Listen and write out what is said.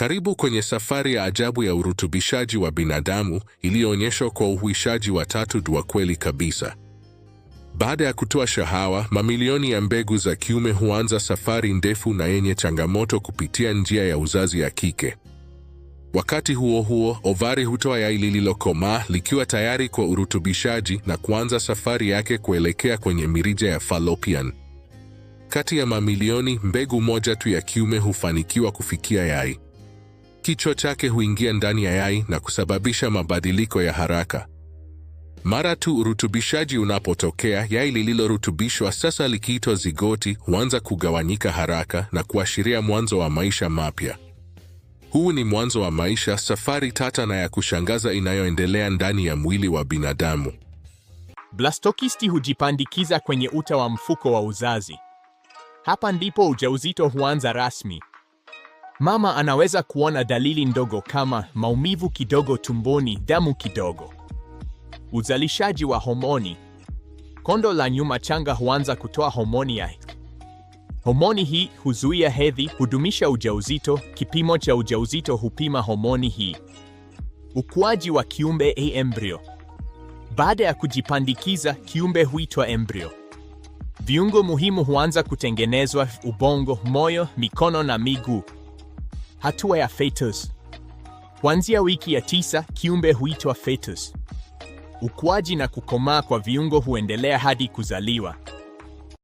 Karibu kwenye safari ya ajabu ya urutubishaji wa binadamu iliyoonyeshwa kwa uhuishaji wa tatu wa kweli kabisa. Baada ya kutoa shahawa, mamilioni ya mbegu za kiume huanza safari ndefu na yenye changamoto kupitia njia ya uzazi ya kike. Wakati huo huo, ovari hutoa yai lililokomaa likiwa tayari kwa urutubishaji na kuanza safari yake kuelekea kwenye mirija ya fallopian. Kati ya mamilioni, mbegu moja tu ya kiume hufanikiwa kufikia yai kichwa chake huingia ndani ya yai na kusababisha mabadiliko ya haraka. Mara tu urutubishaji unapotokea, yai lililorutubishwa sasa likiitwa zigoti huanza kugawanyika haraka na kuashiria mwanzo wa maisha mapya. Huu ni mwanzo wa maisha, safari tata na ya kushangaza inayoendelea ndani ya mwili wa binadamu. Blastokisti hujipandikiza kwenye uta wa mfuko wa uzazi. Hapa ndipo ujauzito huanza rasmi. Mama anaweza kuona dalili ndogo kama maumivu kidogo tumboni, damu kidogo, uzalishaji wa homoni. Kondo la nyuma changa huanza kutoa homoni ya homoni hii huzuia hedhi, hudumisha ujauzito. Kipimo cha ujauzito hupima homoni hii. Ukuaji wa kiumbe a embryo. Baada ya kujipandikiza, kiumbe huitwa embryo. Viungo muhimu huanza kutengenezwa: ubongo, moyo, mikono na miguu. Hatua ya fetus. Kuanzia wiki ya tisa, kiumbe huitwa fetus. Ukuaji na kukomaa kwa viungo huendelea hadi kuzaliwa.